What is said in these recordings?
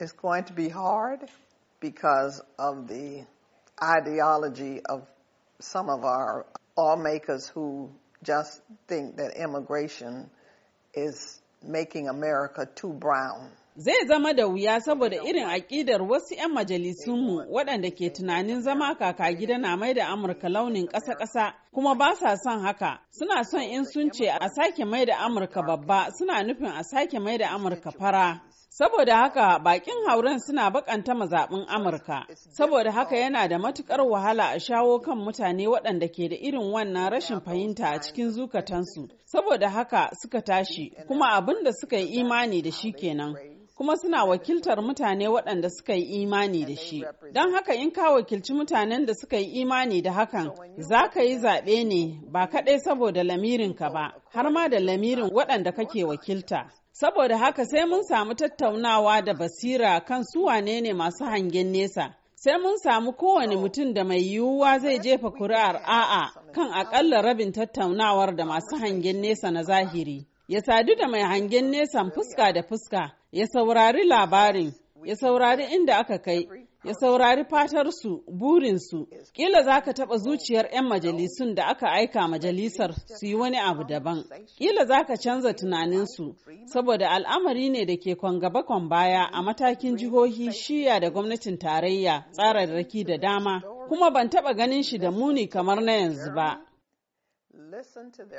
It's going to be hard because of the ideology of some of our lawmakers who just think that immigration is making America too brown. Zai zama da wuya saboda irin aƙidar wasu 'yan majalisunmu waɗanda ke tunanin zama kaka gida na Amurka launin ƙasa-ƙasa kuma ba sa son haka suna son in sun ce a sake Amurka babba suna nufin a sake Amurka fara. Saboda haka bakin hauren suna bakanta mazaɓin Amurka, saboda haka yana da matukar wahala a shawo kan mutane waɗanda ke da irin wannan rashin fahimta a cikin zukatansu, saboda haka suka tashi kuma abin da suka yi imani da shi kenan. kuma suna wakiltar mutane waɗanda suka yi imani da shi. Don haka in ka wakilci mutanen da suka yi imani da hakan, za ka yi zaɓe ne ba kaɗai saboda ka ba, har ma da lamirin waɗanda kake wakilta. Saboda haka sai mun samu tattaunawa da basira kan su wane ne masu hangen nesa. Sai mun samu kowane mutum da mai yiwuwa zai jefa kuri'ar a'a kan aƙalla rabin tattaunawar da masu hangen nesa na zahiri. ya sadu da mai hangen nesan fuska da fuska, ya saurari labarin, ya saurari inda aka kai, ya saurari fatarsu, burinsu. Kila za ka taɓa zuciyar 'yan majalisun da aka aika majalisar su yi wani abu daban. Kila za ka canza tunaninsu, saboda al'amari ne da ke kwangaba kwan baya a matakin jihohi shiya da gwamnatin tarayya tsararraki da dama. Kuma ban taɓa ganin shi da muni kamar na yanzu ba.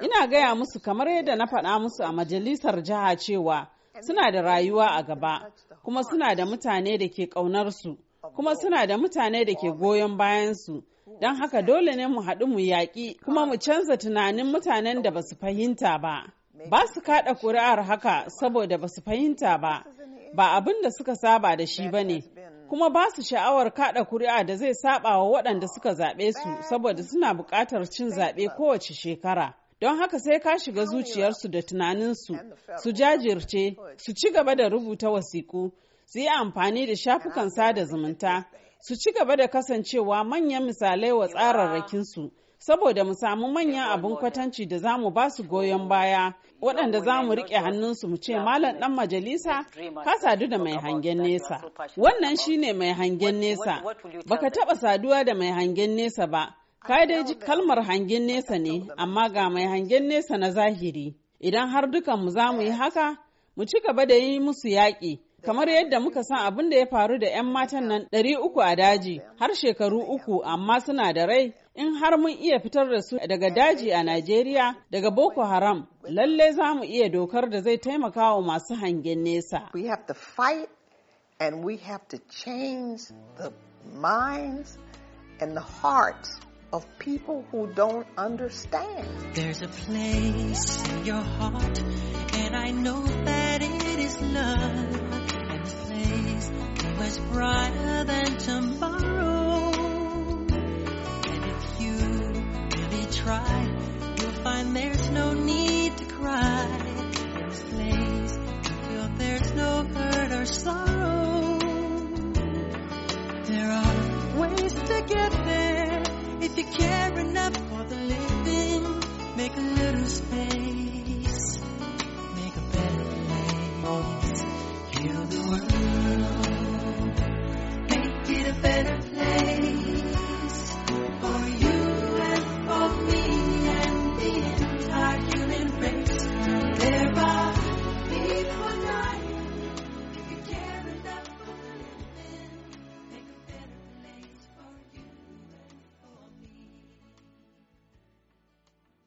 Ina gaya musu kamar yadda na faɗa musu a majalisar jiha cewa suna da rayuwa a gaba, kuma suna da mutane da ke ƙaunarsu, kuma suna da mutane da ke goyon bayansu. Don haka dole ne mu haɗu mu yaƙi kuma mu canza tunanin mutanen da ba su fahimta ba. ba su kada kuri'ar haka saboda ba su fahimta ba ba abin da suka saba da shi ba ne kuma ba su sha'awar kada kuri'a da zai saba wa waɗanda suka zaɓe su saboda suna buƙatar cin zaɓe kowace shekara don haka sai ka shiga zuciyarsu da tunaninsu su jajirce su ci gaba da rubuta wasiku su yi amfani da shafukan sada zumunta su ci gaba da kasancewa manyan misalai wa tsararrakinsu saboda mu samu manyan abin kwatanci da za mu ba su goyon baya waɗanda za mu riƙe hannunsu mu ce malam ɗan majalisa ka sadu da mai hangen nesa wannan shine mai hangen nesa baka taɓa saduwa da mai hangen nesa ba ka dai kalmar hangen nesa ne amma ga mai hangen nesa na zahiri idan har dukan mu za mu yi haka mu ci gaba da yi musu yaƙi Kamar yadda muka san abin da ya faru da 'yan matan nan ɗari uku a daji har shekaru uku amma suna da rai in har mun iya fitar da su daga daji a Najeriya daga Boko Haram lalle za mu iya dokar da zai taimaka wa masu hangen nesa. We have to fight and we have to change the minds and the hearts of people who don't understand. There's a place in your heart and I know that it is love. is brighter than tomorrow. And if you really try, you'll find there's no need to cry. In this place, you feel there's no hurt or sorrow. There are ways to get there if you care enough for the living. Make a little space. friends.